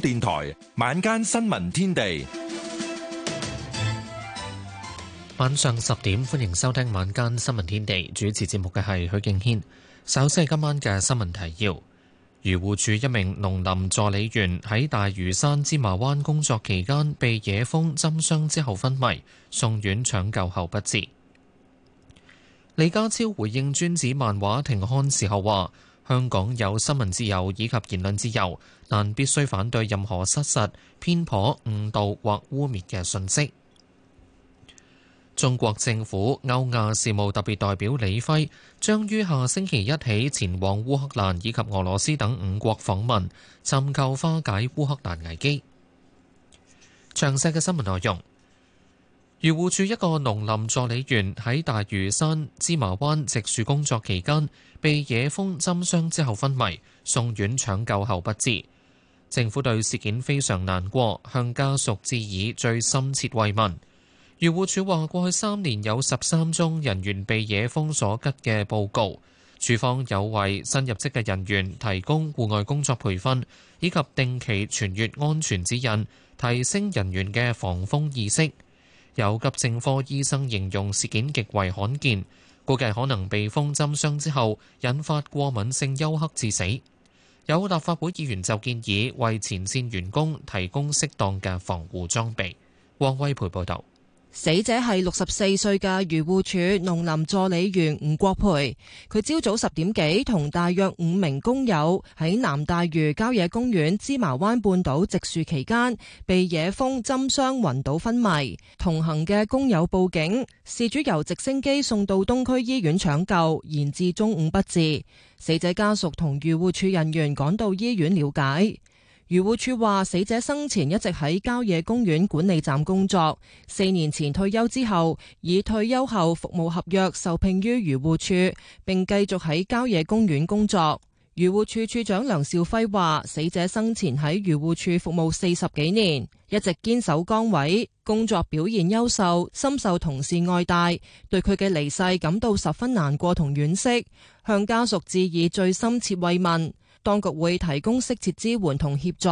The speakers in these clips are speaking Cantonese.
電台晚間新聞天地，晚上十點，歡迎收聽晚間新聞天地。主持節目嘅係許敬軒。首先係今晚嘅新聞提要：漁護署一名農林助理員喺大嶼山芝麻灣工作期間被野蜂針傷之後昏迷，送院搶救後不治。李家超回應《尊子漫畫》停刊時候話。香港有新聞自由以及言論自由，但必須反對任何失實、偏頗、誤導或污蔑嘅信息。中國政府歐亞事務特別代表李輝將於下星期一起前往烏克蘭以及俄羅斯等五國訪問，尋求化解烏克蘭危機。詳細嘅新聞內容。漁護署一個農林助理員喺大嶼山芝麻灣植樹工作期間，被野蜂針傷之後昏迷，送院搶救後不治。政府對事件非常難過，向家屬致以最深切慰問。漁護署話，過去三年有十三宗人員被野蜂所吉嘅報告，署方有為新入職嘅人員提供戶外工作培訓，以及定期傳閱安全指引，提升人員嘅防風意識。有急症科醫生形容事件極為罕見，估計可能被蜂針傷之後引發過敏性休克致死。有立法會議員就建議為前線員工提供適當嘅防護裝備。王威培報道。死者係六十四歲嘅漁護署農林助理員吳國培，佢朝早十點幾同大約五名工友喺南大嶼郊野公園芝麻灣半島植樹期間，被野蜂針傷暈倒昏迷。同行嘅工友報警，事主由直升機送到東區醫院搶救，延至中午不治。死者家屬同漁護署人員趕到醫院了解。漁護署話，死者生前一直喺郊野公園管理站工作，四年前退休之後，以退休後服務合約受聘於漁護署，並繼續喺郊野公園工作。漁護署署長梁肇輝話，死者生前喺漁護署服務四十幾年，一直堅守崗位，工作表現優秀，深受同事愛戴，對佢嘅離世感到十分難過同惋惜，向家屬致以最深切慰問。當局會提供適切支援同協助。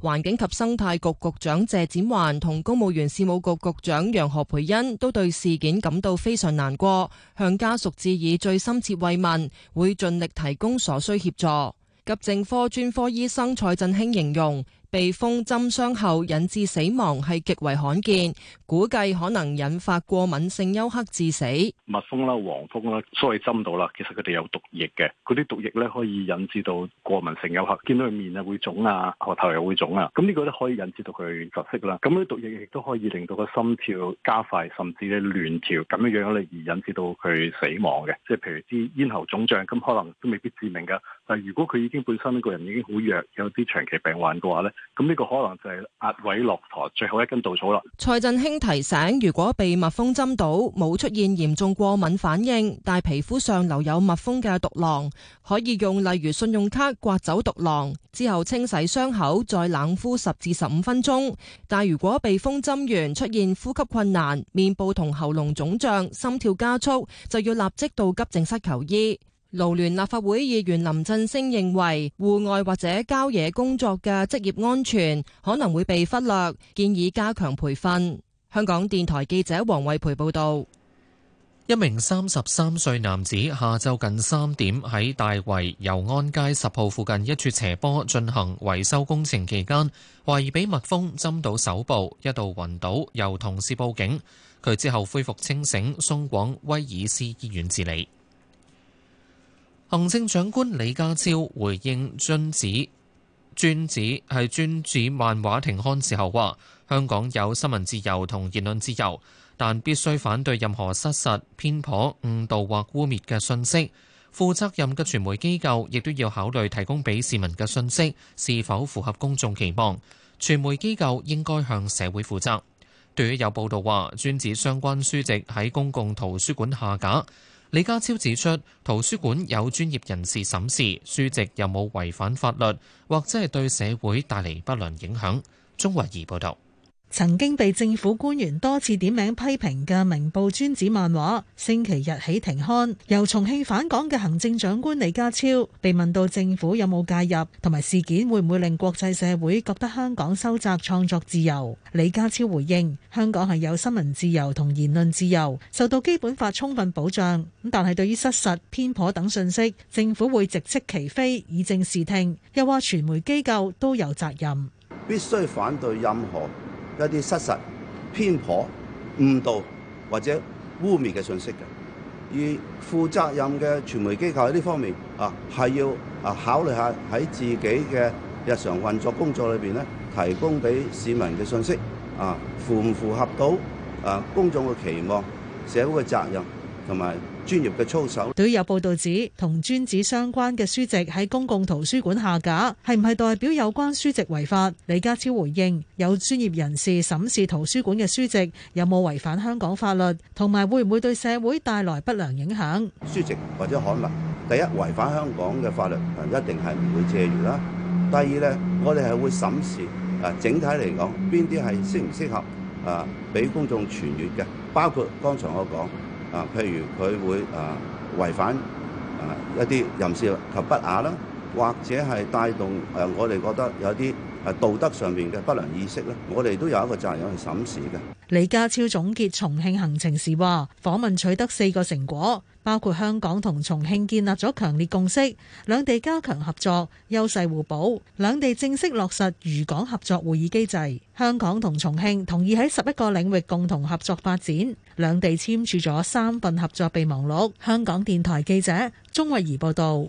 環境及生態局局長謝展寰同公務員事務局局長楊何蓓茵都對事件感到非常難過，向家屬致以最深切慰問，會盡力提供所需協助。急症科專科醫生蔡振興形容。被蜂針傷後引致死亡係極為罕見，估計可能引發過敏性休克致死。蜜蜂啦、黃蜂啦，所以針到啦，其實佢哋有毒液嘅，嗰啲毒液咧可以引致到過敏性休克，見到佢面啊會腫啊，喉頭又會腫啊，咁呢個都可以引致到佢窒息啦。咁呢啲毒液亦都可以令到個心跳加快，甚至咧亂跳，咁樣樣咧而引致到佢死亡嘅。即係譬如啲咽喉腫脹，咁可能都未必致命噶。但係如果佢已經本身呢個人已經好弱，有啲長期病患嘅話咧，咁呢個可能就係壓位駱駝最後一根稻草啦。蔡振興提醒，如果被蜜蜂針到，冇出現嚴重過敏反應，但皮膚上留有蜜蜂嘅毒囊，可以用例如信用卡刮走毒囊，之後清洗傷口，再冷敷十至十五分鐘。但如果被蜂針完，出現呼吸困難、面部同喉嚨腫脹、心跳加速，就要立即到急症室求醫。勞聯立法會議員林振昇認為，戶外或者郊野工作嘅職業安全可能會被忽略，建議加強培訓。香港電台記者黃惠培報道：一名三十三歲男子下晝近三點喺大圍油安街十號附近一處斜坡進行維修工程期間，懷疑被蜜蜂針到手部，一度暈倒，由同事報警。佢之後恢復清醒，送往威爾斯醫院治理。行政長官李家超回應尊子，尊子係尊子漫畫停刊時候話：香港有新聞自由同言論自由，但必須反對任何失實、偏頗、誤導或污蔑嘅信息。負責任嘅傳媒機構亦都要考慮提供俾市民嘅信息是否符合公眾期望。傳媒機構應該向社會負責。對於有報道話尊子相關書籍喺公共圖書館下架。李家超指出，圖書館有專業人士審視書籍有冇違反法律，或者係對社會帶嚟不良影響。鍾慧儀報道。曾經被政府官員多次點名批評嘅《明報尊子》漫畫星期日起停刊。由重慶返港嘅行政長官李家超被問到政府有冇介入，同埋事件會唔會令國際社會覺得香港收窄創作自由？李家超回應：香港係有新聞自由同言論自由，受到基本法充分保障。咁但係對於失實、偏頗等信息，政府會直斥其非，以正視聽。又話傳媒機構都有責任，必須反對任何。一啲失實、偏頗、誤導或者污蔑嘅信息嘅，而負責任嘅傳媒機構喺呢方面啊，係要啊考慮下喺自己嘅日常運作工作裏邊咧，提供俾市民嘅信息啊，符唔符合到啊公眾嘅期望、社會嘅責任同埋。專業嘅操守。對於有報導指，同專子相關嘅書籍喺公共圖書館下架，係唔係代表有關書籍違法？李家超回應：有專業人士審視圖書館嘅書籍，有冇違反香港法律，同埋會唔會對社會帶來不良影響？書籍或者可能第一違反香港嘅法律，一定係唔會借閲啦。第二呢，我哋係會審視啊，整體嚟講，邊啲係適唔適合啊，俾公眾傳閲嘅，包括剛才我講。啊，譬如佢會啊違反啊一啲隱私及不雅啦，或者係帶動誒我哋覺得有啲誒道德上面嘅不良意識咧，我哋都有一個責任去審視嘅。李家超總結重慶行程時話：訪問取得四個成果。包括香港同重慶建立咗強烈共識，兩地加強合作，優勢互補，兩地正式落實渝港合作會議機制。香港同重慶同意喺十一個領域共同合作發展，兩地簽署咗三份合作備忘錄。香港電台記者鍾慧儀報道。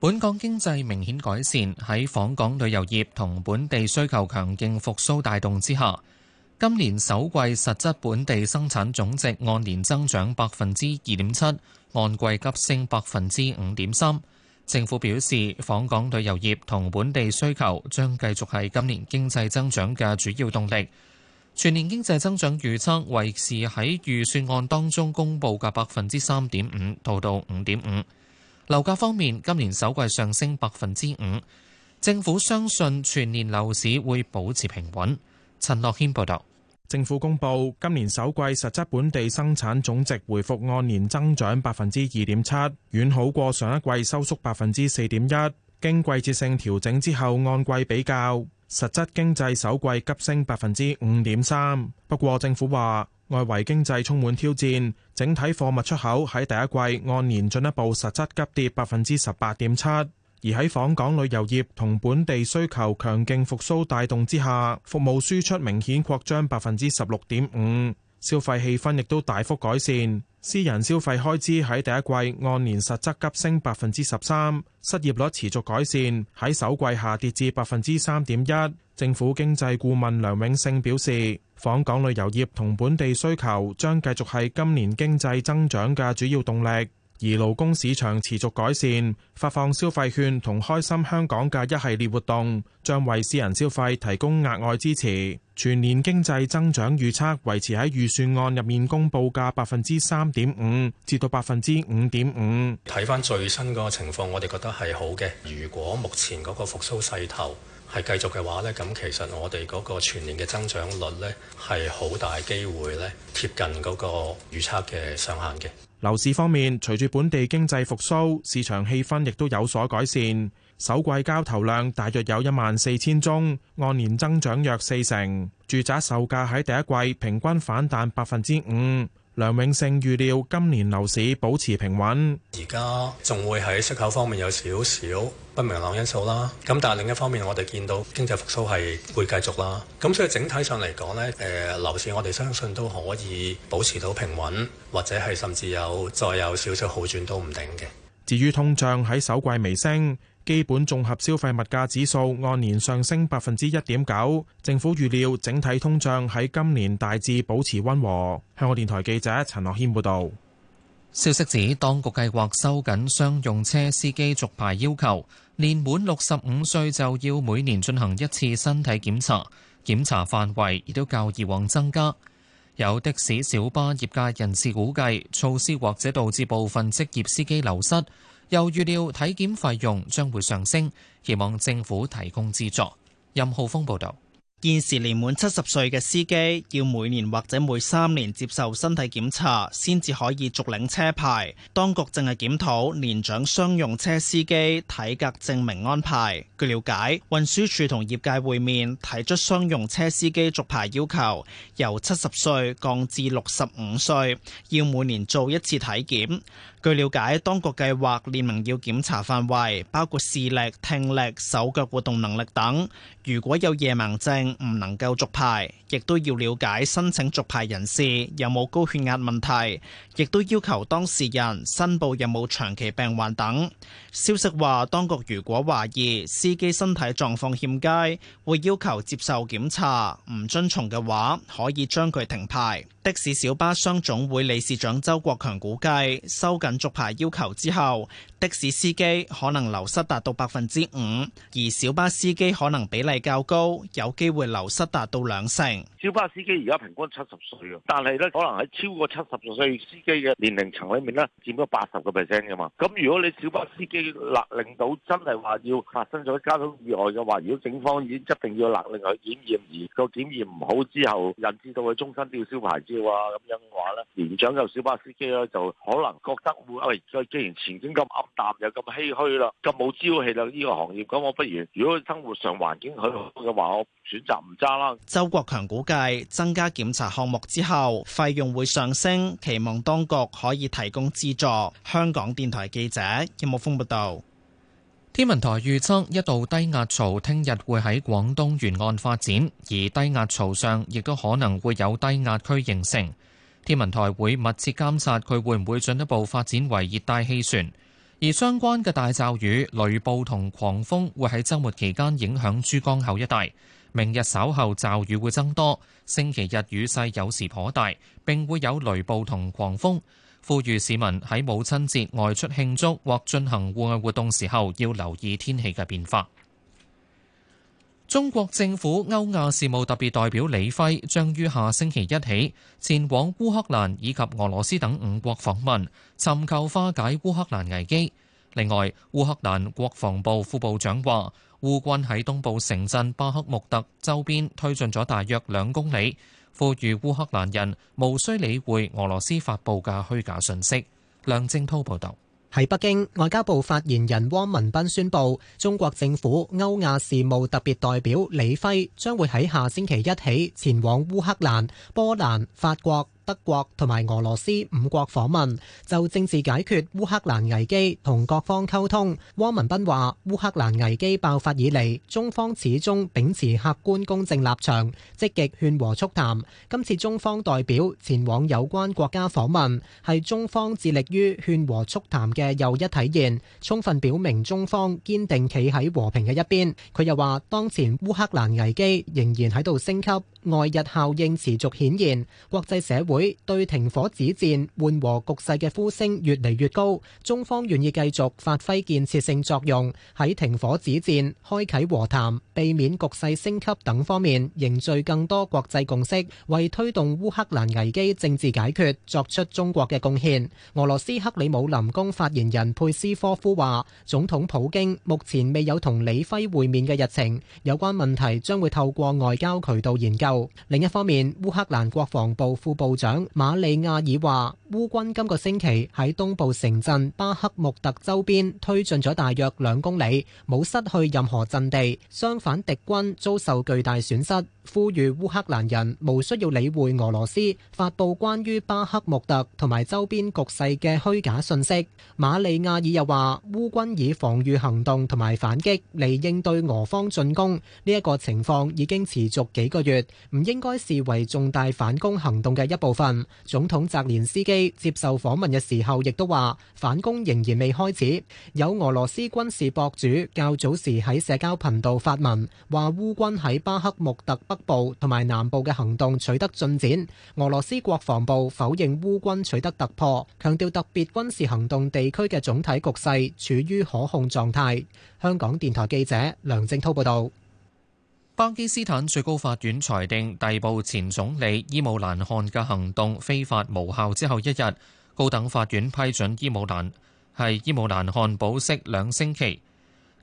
本港經濟明顯改善，喺訪港旅遊業同本地需求強勁復甦帶動之下。今年首季實質本地生產總值按年增長百分之二點七，按季急升百分之五點三。政府表示，訪港旅遊業同本地需求將繼續係今年經濟增長嘅主要動力。全年經濟增長預測維持喺預算案當中公布嘅百分之三點五到到五點五。樓價方面，今年首季上升百分之五。政府相信全年樓市會保持平穩。陳樂謙報道，政府公布今年首季實質本地生產總值回復按年增長百分之二點七，遠好過上一季收縮百分之四點一。經季節性調整之後，按季比較，實質經濟首季急升百分之五點三。不過政府話，外圍經濟充滿挑戰，整體貨物出口喺第一季按年進一步實質急跌百分之十八點七。而喺訪港旅遊業同本地需求強勁復甦帶動之下，服務輸出明顯擴張百分之十六點五，消費氣氛亦都大幅改善。私人消費開支喺第一季按年實質急升百分之十三，失業率持續改善，喺首季下跌至百分之三點一。政府經濟顧問梁永勝表示，訪港旅遊業同本地需求將繼續係今年經濟增長嘅主要動力。而勞工市場持續改善，發放消費券同開心香港嘅一系列活動，將為私人消費提供額外支持。全年經濟增長預測維持喺預算案入面公佈嘅百分之三點五至到百分之五點五。睇翻最新嗰個情況，我哋覺得係好嘅。如果目前嗰個復甦勢頭係繼續嘅話呢，咁其實我哋嗰個全年嘅增長率呢，係好大機會呢，貼近嗰個預測嘅上限嘅。樓市方面，隨住本地經濟復甦，市場氣氛亦都有所改善。首季交投量大約有一萬四千宗，按年增長約四成。住宅售價喺第一季平均反彈百分之五。梁永勝預料今年樓市保持平穩，而家仲會喺出口方面有少少不明朗因素啦。咁但係另一方面，我哋見到經濟復蘇係會繼續啦。咁所以整體上嚟講呢，誒，樓市我哋相信都可以保持到平穩，或者係甚至有再有少少好轉都唔定嘅。至於通脹喺首季微升。基本綜合消費物價指數按年上升百分之一點九，政府預料整體通脹喺今年大致保持溫和。香港電台記者陳樂軒報導。消息指，當局計劃收緊商用車司機續牌要求，年滿六十五歲就要每年進行一次身體檢查，檢查範圍亦都較以往增加。有的士小巴業界人士估計，措施或者導致部分職業司機流失。又預料體檢費用將會上升，期望政府提供資助。任浩峰報導。現時年滿七十歲嘅司機要每年或者每三年接受身體檢查，先至可以續領車牌。當局正係檢討年長商用車司機體格證明安排。據了解，運輸署同業界會面提出商用車司機續牌要求，由七十歲降至六十五歲，要每年做一次體檢。據了解，當局計劃列明要檢查範圍，包括視力、聽力、手腳活動能力等。如果有夜盲症，唔能夠續牌，亦都要了解申請續牌人士有冇高血壓問題，亦都要求當事人申報有冇長期病患等。消息話，當局如果懷疑司機身體狀況欠佳，會要求接受檢查，唔遵從嘅話，可以將佢停牌。的士小巴商總會理事長周國強估計，收緊續牌要求之後，的士司機可能流失達到百分之五，而小巴司機可能比例較高，有機會流失達到兩成。小巴司機而家平均七十歲，但係呢，可能喺超過七十歲司機嘅年齡層裏面呢，佔咗八十個 percent 㗎嘛。咁如果你小巴司機勒令到真係話要發生咗交通意外嘅話，如果警方已經一定要勒令佢檢驗，而個檢驗唔好之後，引致到佢終身吊銷牌照啊咁樣嘅話呢，年長就小巴司機咧就可能覺得。喂、哎，既然前景咁暗淡又，又咁唏噓啦，咁冇朝氣啦，呢個行業，咁我不如，如果生活上環境許可嘅話，我，我選擇唔揸啦。周國強估計增加檢查項目之後費用會上升，期望當局可以提供資助。香港電台記者任木峯報道。天文台預測一道低壓槽聽日會喺廣東沿岸發展，而低壓槽上亦都可能會有低壓區形成。天文台會密切監察佢會唔會進一步發展為熱帶氣旋，而相關嘅大驟雨、雷暴同狂風會喺週末期間影響珠江口一帶。明日稍後驟雨會增多，星期日雨勢有時頗大，並會有雷暴同狂風。呼籲市民喺母親節外出慶祝或進行戶外活動時候，要留意天氣嘅變化。中國政府歐亞事務特別代表李輝將於下星期一起前往烏克蘭以及俄羅斯等五國訪問，尋求化解烏克蘭危機。另外，烏克蘭國防部副部長話，烏軍喺東部城鎮巴克穆特周邊推進咗大約兩公里，呼籲烏克蘭人無需理會俄羅斯發布嘅虛假信息。梁正滔報道。喺北京，外交部發言人汪文斌宣布，中國政府歐亞事務特別代表李輝將會喺下星期一起前往烏克蘭、波蘭、法國。德國同埋俄羅斯五國訪問，就政治解決烏克蘭危機同各方溝通。汪文斌話：烏克蘭危機爆發以嚟，中方始終秉持客觀公正立場，積極勸和促談。今次中方代表前往有關國家訪問，係中方致力於勸和促談嘅又一體現，充分表明中方堅定企喺和平嘅一邊。佢又話：當前烏克蘭危機仍然喺度升級。外日效應持續顯現，國際社會對停火止戰、緩和局勢嘅呼聲越嚟越高。中方願意繼續發揮建設性作用，喺停火止戰、開啓和談、避免局勢升級等方面凝聚更多國際共識，為推動烏克蘭危機政治解決作出中國嘅貢獻。俄羅斯克里姆林宮發言人佩斯科夫話，總統普京目前未有同李輝會面嘅日程，有關問題將會透過外交渠道研究。另一方面，烏克蘭國防部副部長馬里亞爾話：烏軍今個星期喺東部城鎮巴克穆特周邊推進咗大約兩公里，冇失去任何陣地，相反敵軍遭受巨大損失。呼籲烏克蘭人毋需要理會俄羅斯發布關於巴克穆特同埋周邊局勢嘅虛假信息。馬里亞爾又話：烏軍以防御行動同埋反擊嚟應對俄方進攻，呢一個情況已經持續幾個月。唔應該視為重大反攻行動嘅一部分。總統澤連斯基接受訪問嘅時候，亦都話反攻仍然未開始。有俄羅斯軍事博主較早時喺社交頻道發文，話烏軍喺巴克穆特北部同埋南部嘅行動取得進展。俄羅斯國防部否認烏軍取得突破，強調特別軍事行動地區嘅總體局勢處於可控狀態。香港電台記者梁正滔報導。巴基斯坦最高法院裁定逮捕前總理伊姆蘭汗嘅行動非法無效之後一日，高等法院批准伊姆蘭係伊姆蘭汗保釋兩星期，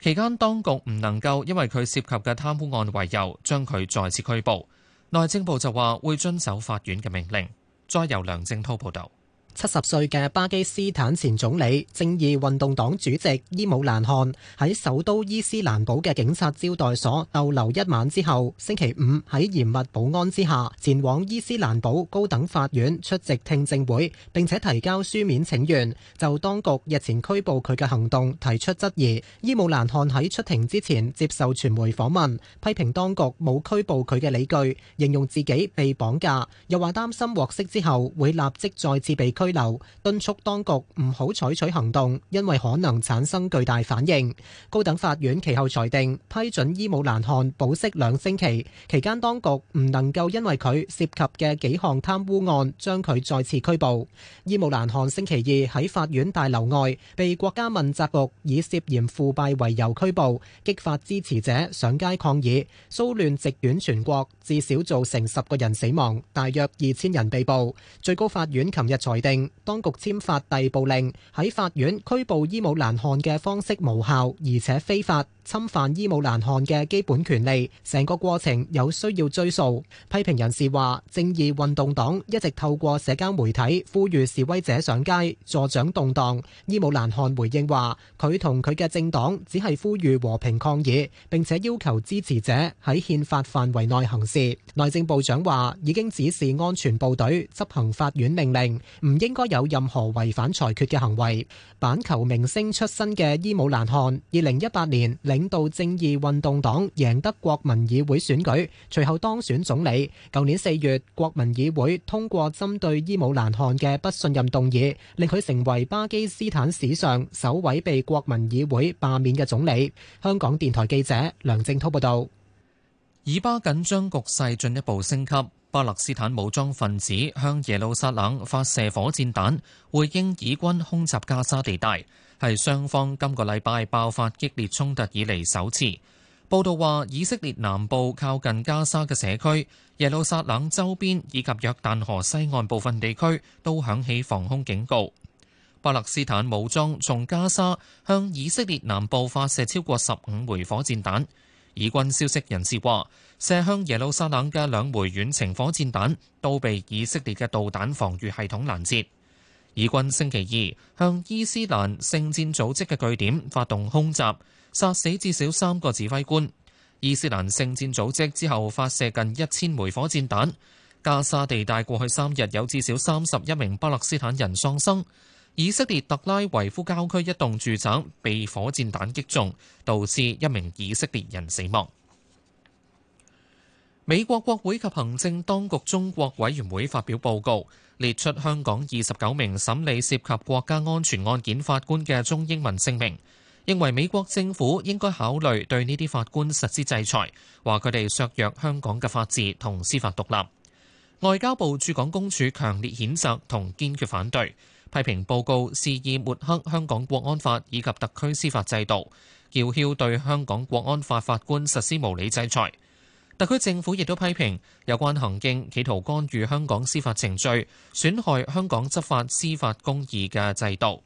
期間當局唔能夠因為佢涉及嘅貪污案為由將佢再次拘捕。內政部就話會遵守法院嘅命令。再由梁正濤報道。七十歲嘅巴基斯坦前總理、正義運動黨主席伊姆蘭汗喺首都伊斯蘭堡嘅警察招待所逗留一晚之後，星期五喺嚴密保安之下前往伊斯蘭堡高等法院出席聽證會，並且提交書面請願，就當局日前拘捕佢嘅行動提出質疑。伊姆蘭汗喺出庭之前接受傳媒訪問，批評當局冇拘捕佢嘅理據，形容自己被綁架，又話擔心獲釋之後會立即再次被拘。拘留，敦促當局唔好採取行動，因為可能產生巨大反應。高等法院其後裁定批准伊姆蘭汗保釋兩星期，期間當局唔能夠因為佢涉及嘅幾項貪污案將佢再次拘捕。伊姆蘭汗星期二喺法院大樓外被國家問責局以涉嫌腐敗為由拘捕，激發支持者上街抗議，騷亂席捲全國，至少造成十個人死亡，大約二千人被捕。最高法院琴日裁定，當局簽發逮捕令，喺法院拘捕伊姆蘭汗嘅方式無效，而且非法。侵犯伊姆蘭汗嘅基本權利，成個過程有需要追訴。批評人士話正義運動黨一直透過社交媒體呼籲示威者上街助長動盪。伊姆蘭汗回應話佢同佢嘅政黨只係呼籲和平抗議，並且要求支持者喺憲法範圍內行事。內政部長話已經指示安全部隊執行法院命令，唔應該有任何違反裁決嘅行為。板球明星出身嘅伊姆蘭汗，二零一八年。領導正義運動黨贏得國民議會選舉，隨後當選總理。舊年四月，國民議會通過針對伊姆蘭汗嘅不信任動議，令佢成為巴基斯坦史上首位被國民議會罷免嘅總理。香港電台記者梁正濤報道：以巴緊張局勢進一步升級，巴勒斯坦武裝分子向耶路撒冷發射火箭彈，回應以軍空襲加沙地帶。係雙方今個禮拜爆發激烈衝突以嚟首次。報道話，以色列南部靠近加沙嘅社區、耶路撒冷周邊以及約旦河西岸部分地區都響起防空警告。巴勒斯坦武裝從加沙向以色列南部發射超過十五枚火箭彈。以軍消息人士話，射向耶路撒冷嘅兩枚遠程火箭彈都被以色列嘅導彈防禦系統攔截。以軍星期二向伊斯蘭聖戰組織嘅據點發動空襲，殺死至少三個指揮官。伊斯蘭聖戰組織之後發射近一千枚火箭彈。加沙地帶過去三日有至少三十一名巴勒斯坦人喪生。以色列特拉維夫郊區一棟住宅被火箭彈擊中，導致一名以色列人死亡。美國國會及行政當局中國委員會發表報告，列出香港二十九名審理涉及國家安全案件法官嘅中英文聲明，認為美國政府應該考慮對呢啲法官實施制裁，話佢哋削弱香港嘅法治同司法獨立。外交部駐港公署強烈譴責同堅決反對，批評報告肆意抹黑香港國安法以及特區司法制度，叫囂對香港國安法法官實施無理制裁。特區政府亦都批評有關行徑企圖干預香港司法程序，損害香港執法司法公義嘅制度。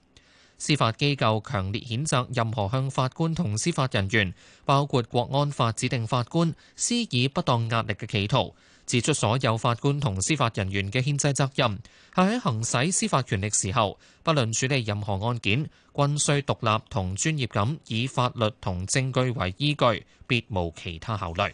司法機構強烈譴責任何向法官同司法人員，包括國安法指定法官，施以不當壓力嘅企圖，指出所有法官同司法人員嘅憲制責任係喺行使司法權力時候，不論處理任何案件，均需獨立同專業咁，以法律同證據為依據，別無其他考慮。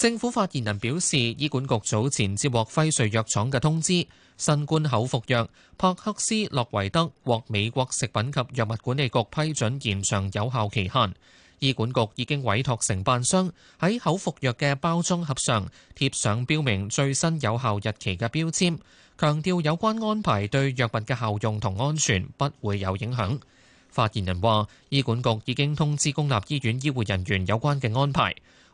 政府發言人表示，醫管局早前接獲輝瑞藥廠嘅通知，新冠口服藥帕克斯洛維德獲美國食品及藥物管理局批准延長有效期限。醫管局已經委託承辦商喺口服藥嘅包裝盒上貼上標明最新有效日期嘅標籤，強調有關安排對藥物嘅效用同安全不會有影響，發言人話醫管局已經通知公立醫院醫護人員有關嘅安排。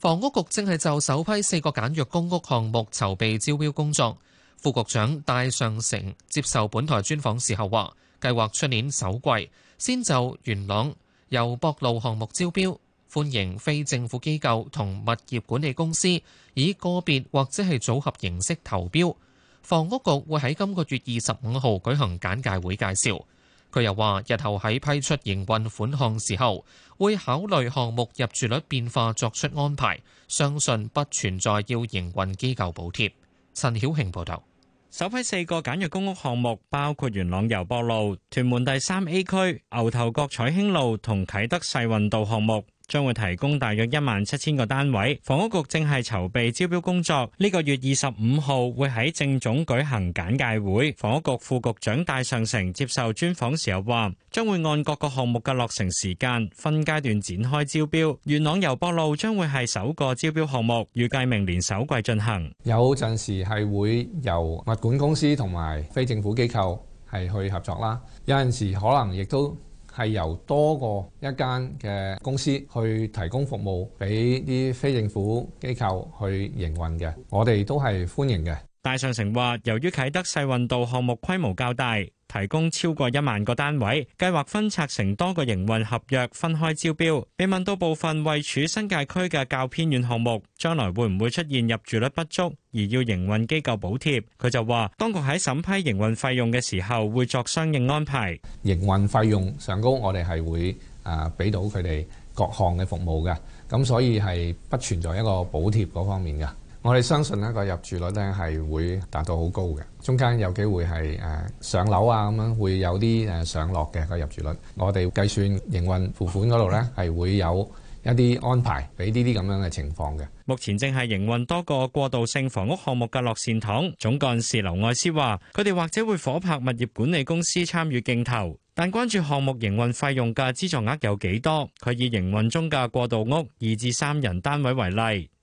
房屋局正係就首批四個簡約公屋項目籌備招標工作。副局長戴尚成接受本台專訪時候話，計劃出年首季先就元朗由博路項目招標，歡迎非政府機構同物業管理公司以個別或者係組合形式投標。房屋局會喺今個月二十五號舉行簡介會介紹。佢又話：日後喺批出營運款項時候，會考慮項目入住率變化作出安排，相信不存在要營運機構補貼。陳曉慶報導。首批四個簡約公屋項目包括元朗攸壆路、屯門第三 A 區、牛頭角彩興路同啟德世運道項目。將會提供大約一萬七千個單位，房屋局正係籌備招標工作，呢個月二十五號會喺政總舉行簡介會。房屋局副局長戴尚誠接受專訪時候話，將會按各個項目嘅落成時間，分階段展開招標。元朗攸壆路將會係首個招標項目，預計明年首季進行。有陣時係會由物管公司同埋非政府機構係去合作啦，有陣時可能亦都。係由多過一間嘅公司去提供服務俾啲非政府機構去營運嘅，我哋都係歡迎嘅。大上城話，由於啟德世運道項目規模較大。提供超過一萬個單位，計劃分拆成多個營運合約，分開招標。被問到部分位處新界區嘅較偏遠項目，將來會唔會出現入住率不足而要營運機構補貼？佢就話：當局喺審批營運費用嘅時候，會作相應安排。營運費用上高，我哋係會啊俾到佢哋各項嘅服務嘅，咁所以係不存在一個補貼嗰方面嘅。我哋相信呢個入住率呢係會達到好高嘅，中間有機會係誒上樓啊咁樣，會有啲誒上落嘅個入住率。我哋計算營運付款嗰度呢，係會有一啲安排俾呢啲咁樣嘅情況嘅。目前正係營運多個過渡性房屋項目嘅樂善堂總幹事劉愛詩話：佢哋或者會伙拍物業管理公司參與競投，但關注項目營運費用嘅資助額有幾多。佢以營運中嘅過渡屋二至三人單位為例。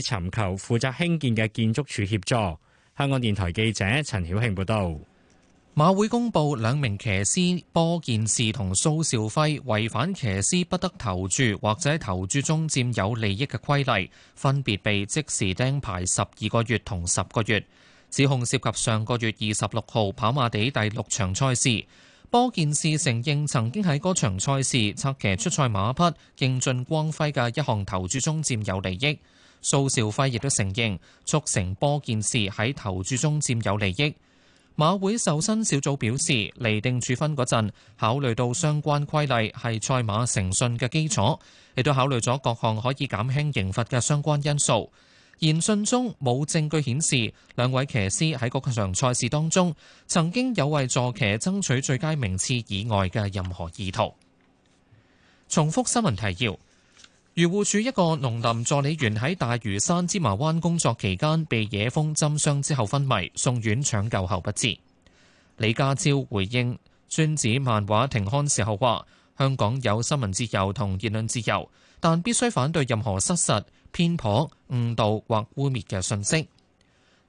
尋求負責興建嘅建築署協助。香港電台記者陳曉慶報道，馬會公布兩名騎師波健士同蘇兆輝違反騎師不得投注或者投注中佔有利益嘅規例，分別被即時釘牌十二個月同十個月。指控涉及上個月二十六號跑馬地第六場賽事。波健士承認曾經喺嗰場賽事策騎出賽馬匹，競進光輝嘅一項投注中佔有利益。蘇兆輝亦都承認，促成波件事喺投注中佔有利益。馬會受薪小組表示，釐定處分嗰陣，考慮到相關規例係賽馬誠信嘅基礎，亦都考慮咗各項可以減輕刑罰嘅相關因素。研訊中冇證據顯示，兩位騎師喺嗰場賽事當中，曾經有為助騎爭取最佳名次以外嘅任何意圖。重複新聞提要。漁護署一個農林助理員喺大嶼山芝麻灣工作期間被野蜂針傷之後昏迷，送院搶救後不治。李家超回應《尊子漫畫》停刊時候話：香港有新聞自由同言論自由，但必須反對任何失實、偏頗、誤導或污蔑嘅信息。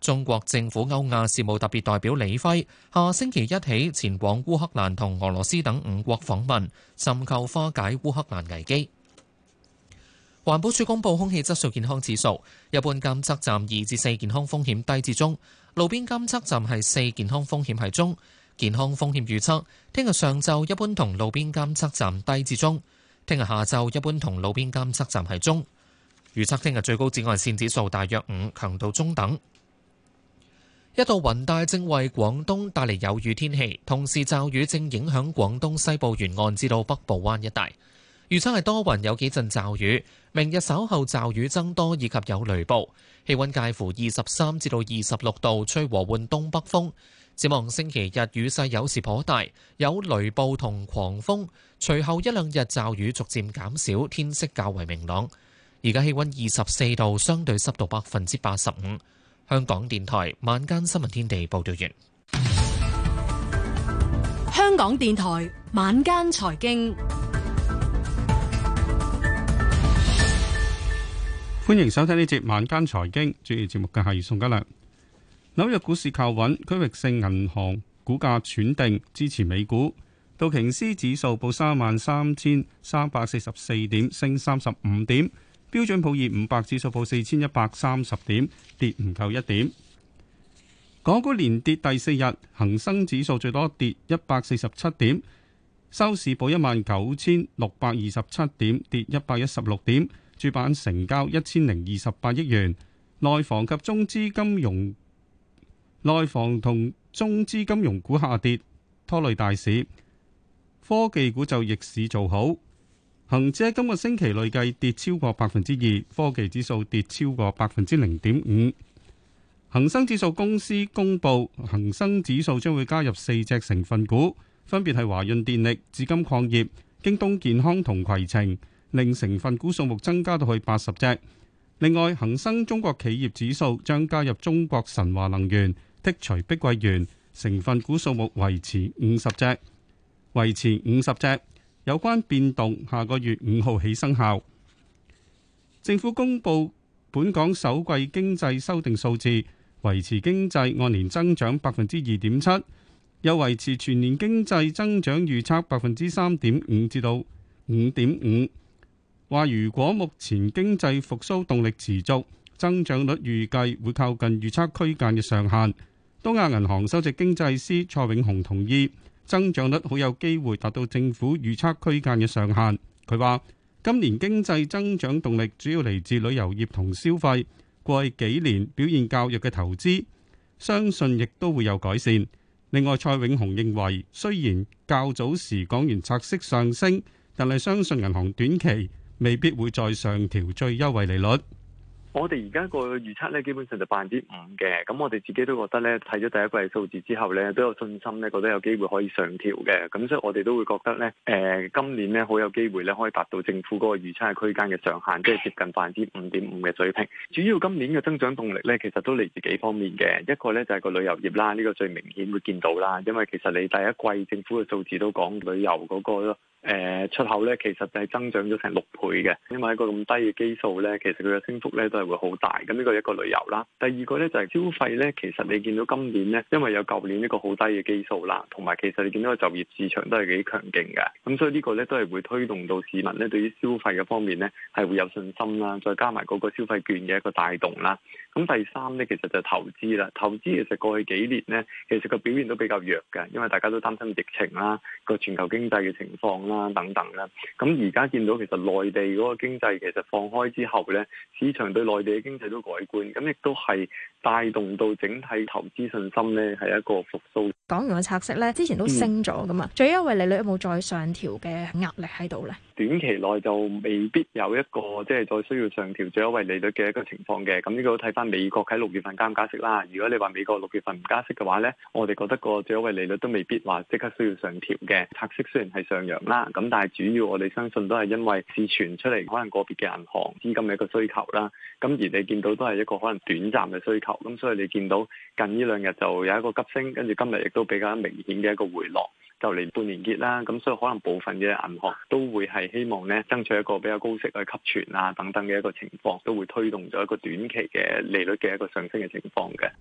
中國政府歐亞事務特別代表李輝下星期一起前往烏克蘭同俄羅斯等五國訪問，尋求化解烏克蘭危機。環保署公布空氣質素健康指數，一般監測站二至四健康風險低至中，路邊監測站係四健康風險係中。健康風險預測聽日上晝一般同路邊監測站低至中，聽日下晝一般同路邊監測站係中。預測聽日最高紫外線指數大約五，強度中等。一道雲帶正為廣東帶嚟有雨天氣，同時驟雨正影響廣東西部沿岸至到北部灣一帶。預測係多雲，有幾陣驟雨。明日稍後驟雨增多以及有雷暴，氣溫介乎二十三至到二十六度，吹和緩東北風。展望星期日雨勢有時頗大，有雷暴同狂風。隨後一兩日驟雨逐漸減少，天色較為明朗。而家氣溫二十四度，相對濕度百分之八十五。香港電台晚間新聞天地報道完。香港電台晚間財經。歡迎收聽呢節晚間財經，主要節目嘅係宋嘉良。紐約股市靠穩，區域性銀行股價喘定，支持美股。道瓊斯指數報三萬三千三百四十四點，升三十五點。標準普爾五百指數報四千一百三十點，跌唔夠一點。港股連跌第四日，恒生指數最多跌一百四十七點，收市報一萬九千六百二十七點，跌一百一十六點。主板成交一千零二十八億元，內房及中資金融內房同中資金融股下跌，拖累大市。科技股就逆市做好，恒指喺今個星期累計跌超過百分之二，科技指數跌超過百分之零點五。恒生指數公司公布，恒生指數將會加入四隻成分股，分別係華潤電力、紫金礦業、京東健康同携程。令成分股數目增加到去八十隻。另外，恒生中國企業指數將加入中國神華能源，剔除碧桂園，成分股數目維持五十隻。維持五十隻。有關變動下個月五號起生效。政府公布本港首季經濟修訂數字，維持經濟按年增長百分之二點七，又維持全年經濟增長預測百分之三點五至到五點五。話：如果目前經濟復甦動力持續，增長率預計會靠近預測區間嘅上限。東亞銀行首席經濟師蔡永雄同意，增長率好有機會達到政府預測區間嘅上限。佢話：今年經濟增長動力主要嚟自旅遊業同消費，過去幾年表現較弱嘅投資，相信亦都會有改善。另外，蔡永雄認為，雖然較早時港元拆息上升，但係相信銀行短期未必會再上調最優惠利率。我哋而家個預測咧，基本上就百分之五嘅。咁我哋自己都覺得咧，睇咗第一季數字之後咧，都有信心咧，覺得有機會可以上調嘅。咁所以，我哋都會覺得咧，誒、呃，今年咧好有機會咧，可以達到政府嗰個預測嘅區間嘅上限，即係接近百分之五點五嘅水平。主要今年嘅增長動力咧，其實都嚟自幾方面嘅，一個咧就係個旅遊業啦，呢、這個最明顯會見到啦。因為其實你第一季政府嘅數字都講旅遊嗰、那個咯。誒、呃、出口咧，其實就係增長咗成六倍嘅，因為一個咁低嘅基數咧，其實佢嘅升幅咧都係會好大。咁、這、呢個係一個旅遊啦，第二個咧就係、是、消費咧，其實你見到今年咧，因為有舊年一個好低嘅基數啦，同埋其實你見到個就業市場都係幾強勁嘅，咁所以個呢個咧都係會推動到市民咧對於消費嘅方面咧係會有信心啦，再加埋嗰個消費券嘅一個帶動啦。咁第三呢，其實就投資啦。投資其實過去幾年呢，其實個表現都比較弱嘅，因為大家都擔心疫情啦、個全球經濟嘅情況啦等等啦。咁而家見到其實內地嗰個經濟其實放開之後呢，市場對內地嘅經濟都改觀，咁亦都係帶動到整體投資信心呢係一個復甦。講完個拆息呢，之前都升咗噶嘛，嗯、最優惠利率有冇再上調嘅壓力喺度呢？短期內就未必有一個即係、就是、再需要上調最優惠利率嘅一個情況嘅。咁呢個睇法美國喺六月份加唔加息啦？如果你話美國六月份唔加息嘅話呢，我哋覺得個最優惠利率都未必話即刻需要上調嘅。拆息雖然係上揚啦，咁但係主要我哋相信都係因為市傳出嚟可能個別嘅銀行資金嘅一個需求啦。咁而你見到都係一個可能短暫嘅需求，咁所以你見到近呢兩日就有一個急升，跟住今日亦都比較明顯嘅一個回落。就嚟半年結啦，咁所以可能部分嘅銀行都會係希望呢，爭取一個比較高息去吸存啊等等嘅一個情況，都會推動咗一個短期嘅利率嘅一個上升嘅情況嘅。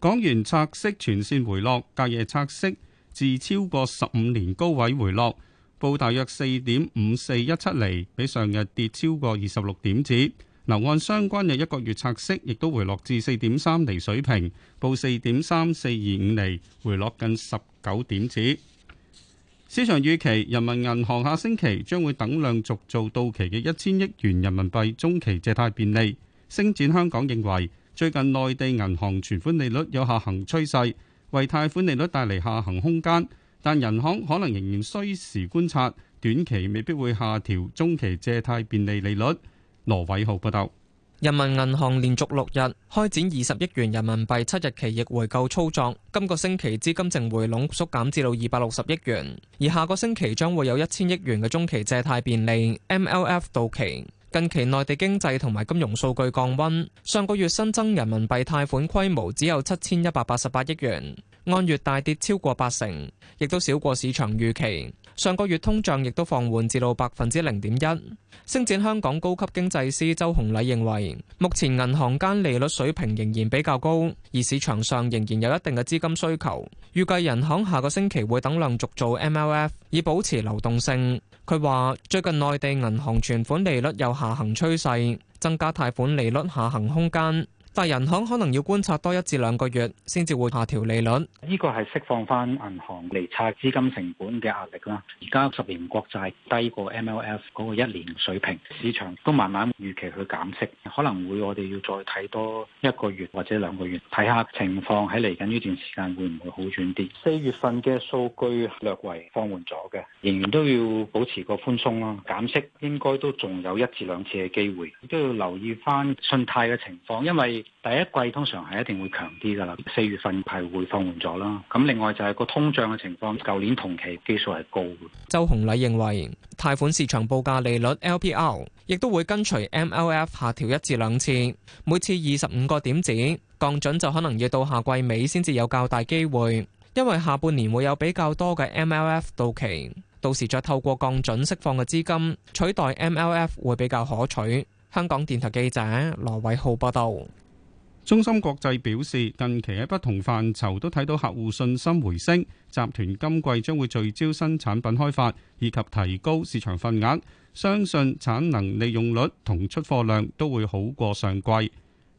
港元拆息全線回落，隔夜拆息自超過十五年高位回落，報大約四點五四一七厘，比上日跌超過二十六點子。樓按相關嘅一個月拆息亦都回落至四點三厘水平，報四點三四二五厘，回落近十九點子。市場預期人民銀行下星期將會等量續做到期嘅一千億元人民幣中期借貸便利。星展香港認為，最近內地銀行存款利率有下行趨勢，為貸款利率帶嚟下行空間，但人行可能仍然需時觀察，短期未必會下調中期借貸便利利率。羅偉豪報道：人民銀行連續六日開展二十億元人民幣七日期逆回購操作，今個星期資金淨回籠縮減至到二百六十億元，而下個星期將會有一千億元嘅中期借貸便利 （MLF） 到期。近期內地經濟同埋金融數據降溫，上個月新增人民幣貸款規模只有七千一百八十八億元，按月大跌超過八成，亦都少過市場預期。上個月通脹亦都放緩至到百分之零點一。星展香港高級經濟師周紅禮認為，目前銀行間利率水平仍然比較高，而市場上仍然有一定嘅資金需求。預計銀行下個星期會等量續做 MLF 以保持流動性。佢話：最近內地銀行存款利率有下行趨勢，增加貸款利率下行空間。大銀行可能要觀察多一至兩個月，先至會下調利率。呢個係釋放翻銀行嚟拆資金成本嘅壓力啦。而家十年國債低過 MLF 嗰個一年水平，市場都慢慢預期去減息，可能會我哋要再睇多一個月或者兩個月，睇下情況喺嚟緊呢段時間會唔會好轉啲。四月份嘅數據略為放緩咗嘅，仍然都要保持個寬鬆咯。減息應該都仲有一至兩次嘅機會，都要留意翻信貸嘅情況，因為第一季通常係一定會強啲噶啦，四月份係會放緩咗啦。咁另外就係個通脹嘅情況，舊年同期基數係高嘅。周鴻禮認為，貸款市場報價利率 LPR 亦都會跟隨 MLF 下調一至兩次，每次二十五個點子降準就可能要到下季尾先至有較大機會，因為下半年會有比較多嘅 MLF 到期，到時再透過降準釋放嘅資金取代 MLF 會比較可取。香港電台記者羅偉浩報道。中芯國際表示，近期喺不同範疇都睇到客戶信心回升。集團今季將會聚焦新產品開發以及提高市場份額，相信產能利用率同出貨量都會好過上季。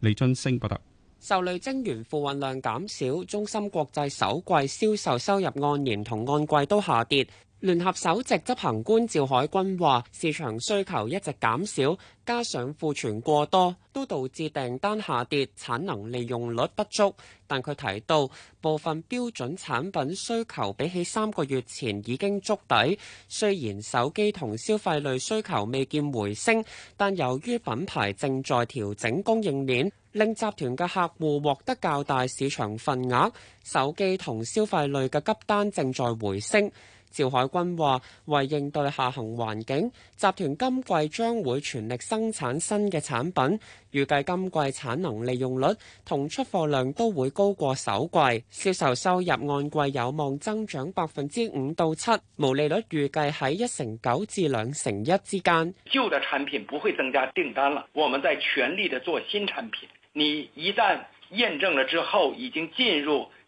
李津升報道，受累精元貨運量減少，中芯國際首季銷售收入按年同按季都下跌。聯合首席執行官趙海軍話，市場需求一直減少，加上庫存過多，都導致訂單下跌，產能利用率不足。但佢提到，部分標準產品需求比起三個月前已經築底。雖然手機同消費類需求未見回升，但由於品牌正在調整供應鏈，令集團嘅客戶獲得較大市場份額。手機同消費類嘅急單正在回升。趙海軍話：為應對下行環境，集團今季將會全力生產新嘅產品，預計今季產能利用率同出貨量都會高過首季，銷售收入按季有望增長百分之五到七，毛利率預計喺一成九至兩成一之間。舊的產品不會增加訂單了，我們在全力的做新產品。你一旦驗證了之後，已經進入。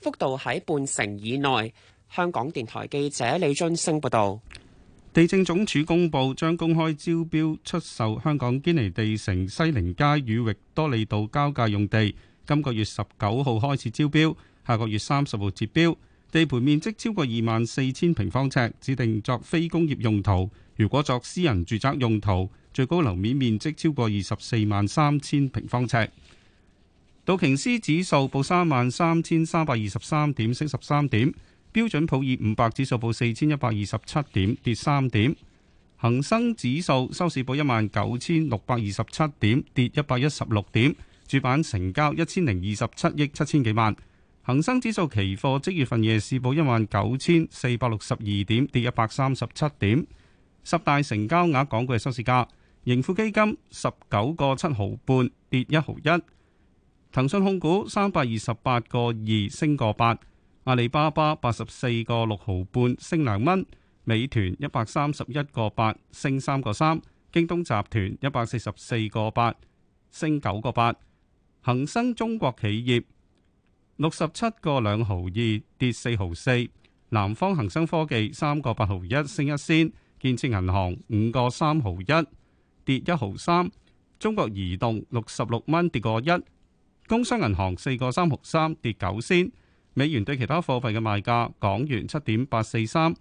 幅度喺半成以內。香港電台記者李俊升報道，地政總署公布將公開招標出售香港堅尼地城西寧街與域多利道交界用地，今個月十九號開始招標，下個月三十號截標。地盤面積超過二萬四千平方尺，指定作非工業用途。如果作私人住宅用途，最高樓面面積超過二十四萬三千平方尺。道瓊斯指數報三萬三千三百二十三點，升十三點；標準普爾五百指數報四千一百二十七點，跌三點；恒生指數收市報一萬九千六百二十七點，跌一百一十六點。主板成交一千零二十七億七千幾萬。恒生指數期貨即月份夜市報一萬九千四百六十二點，跌一百三十七點。十大成交額港股嘅收市價，盈富基金十九個七毫半，跌一毫一。騰訊控股三百二十八個二升個八，阿里巴巴八十四個六毫半升兩蚊，美團一百三十一個八升三個三，京東集團一百四十四個八升九個八，恒生中國企業六十七個兩毫二跌四毫四，南方恒生科技三個八毫一升一仙，建設銀行五個三毫一跌一毫三，中國移動六十六蚊跌個一。工商銀行四個三毫三跌九仙。美元對其他貨幣嘅賣價：港元七點八四三，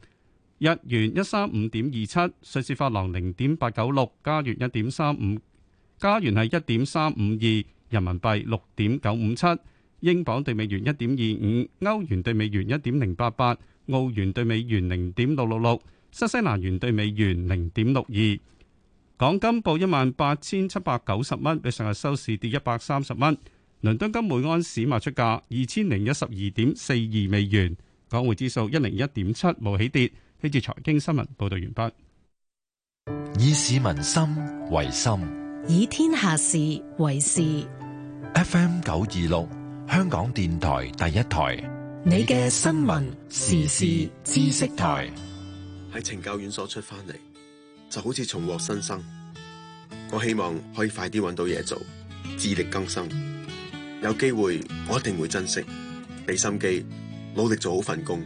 日元一三五點二七，瑞士法郎零點八九六，加元一點三五，加元係一點三五二，人民幣六點九五七，英鎊兌美元一點二五，歐元兌美元一點零八八，澳元兌美元零點六六六，新西蘭元兌美元零點六二。港金報一萬八千七百九十蚊，比上日收市跌一百三十蚊。倫敦金每安士賣出價二千零一十二點四二美元，港匯指數一零一點七冇起跌。呢住財經新聞報道完畢。以市民心為心，以天下事為事。F M 九二六，香港電台第一台，你嘅新聞時事知識台。喺懲教院所出翻嚟，就好似重獲新生。我希望可以快啲揾到嘢做，自力更生。有機會，我一定會珍惜，俾心機，努力做好份工。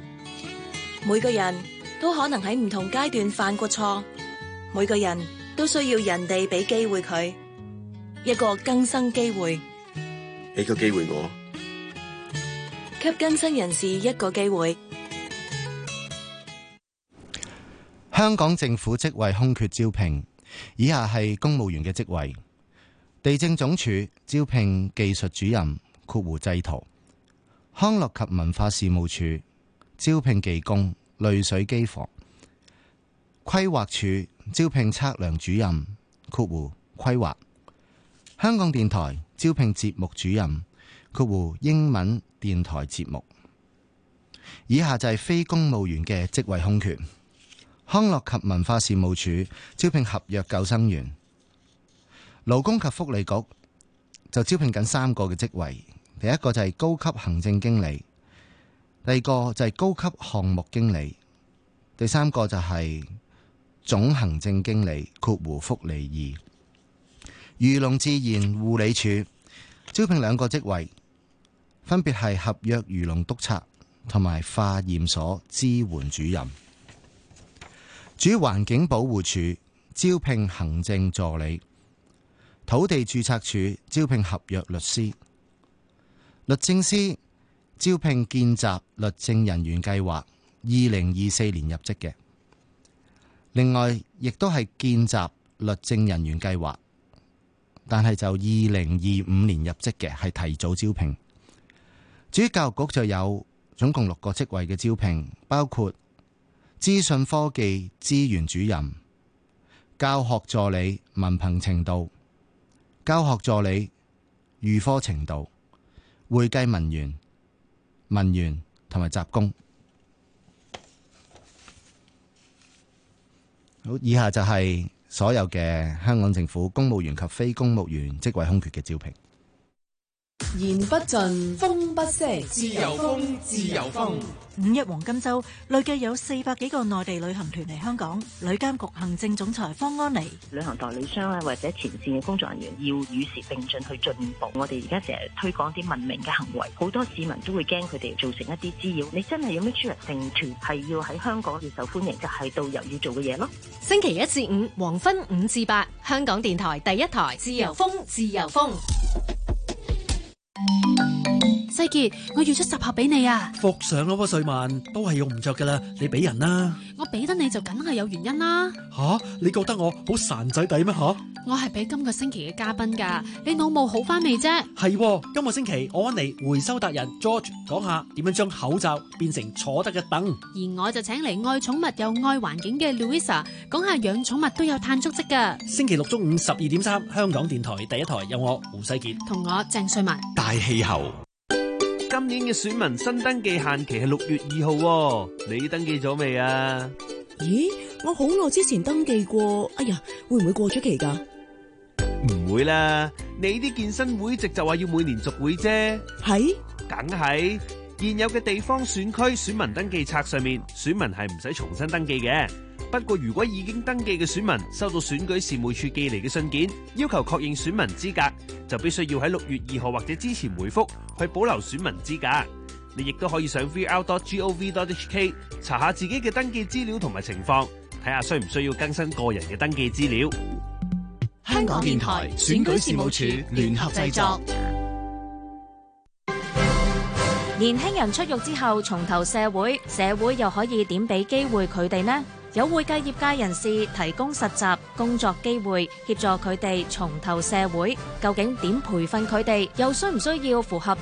每個人都可能喺唔同階段犯過錯，每個人都需要人哋俾機會佢一個更生機會。俾個機會我，給更生人士一個機會。香港政府職位空缺招聘，以下係公務員嘅職位：地政總署。招聘技術主任，括弧製圖；康樂及文化事務署招聘技工，濾水機房；規劃署招聘測量主任，括弧規劃；香港電台招聘節目主任，括弧英文電台節目。以下就係非公務員嘅職位空缺。康樂及文化事務署招聘合約救生員；勞工及福利局。就招聘緊三個嘅職位，第一個就係高級行政經理，第二個就係高級項目經理，第三個就係總行政經理括弧福利二。漁農自然護理署招聘兩個職位，分別係合約漁農督察同埋化驗所支援主任。主環境保護署招聘行政助理。土地註冊處招聘合約律師、律政司招聘見習律政人員計劃，二零二四年入職嘅。另外，亦都係見習律政人員計劃，但係就二零二五年入職嘅係提早招聘。至於教育局就有總共六個職位嘅招聘，包括資訊科技資源主任、教學助理、文憑程度。教學助理、預科程度、會計文員、文員同埋雜工。好，以下就係所有嘅香港政府公務員及非公務員職位空缺嘅招聘。言不盡，風不息，自由風，自由風。五一黃金周，累計有四百幾個內地旅行團嚟香港。旅監局行政總裁方安妮，旅行代理商呀或者前線嘅工作人員要與時並進去進步。我哋而家成日推廣啲文明嘅行為，好多市民都會驚佢哋造成一啲滋擾。你真係有咩出入成團，係要喺、sure, 香港要受歡迎，就係導遊要做嘅嘢咯。星期一至五，黃昏五至八，香港電台第一台，自由風，自由風。世傑，我要咗十盒俾你啊！服上咯，歲萬都係用唔着噶啦，你俾人啦。我俾得你就梗係有原因啦。吓，你覺得我好孱仔底咩吓？我係俾今個星期嘅嘉賓噶，你腦霧好翻未啫？係，今個星期我嚟回收達人 George 講下點樣將口罩變成坐得嘅凳而我就請嚟愛寵物又愛環境嘅 Louisa 講下養寵物都有碳足跡噶。星期六中午十二點三，香港電台第一台有我胡世傑同我鄭瑞文大氣候。今年嘅選民新登記限期係六月二號，你登記咗未啊？咦，我好耐之前登記過，哎呀，會唔會過咗期噶？唔會啦，你啲健身會籍就話要每年續會啫。係，梗係，現有嘅地方選區選民登記冊上面，選民係唔使重新登記嘅。不過，如果已經登記嘅選民收到選舉事務處寄嚟嘅信件，要求確認選民資格，就必須要喺六月二號或者之前回復去保留選民資格。你亦都可以上 vr.gov.hk 查下自己嘅登記資料同埋情況，睇下需唔需要更新個人嘅登記資料。香港電台選舉事務處聯合製作。年輕人出獄之後，重投社會，社會又可以點俾機會佢哋呢？有會計業界人士提供實習工作機會，協助佢哋重投社會，究竟點培訓佢哋？又需唔需要符合？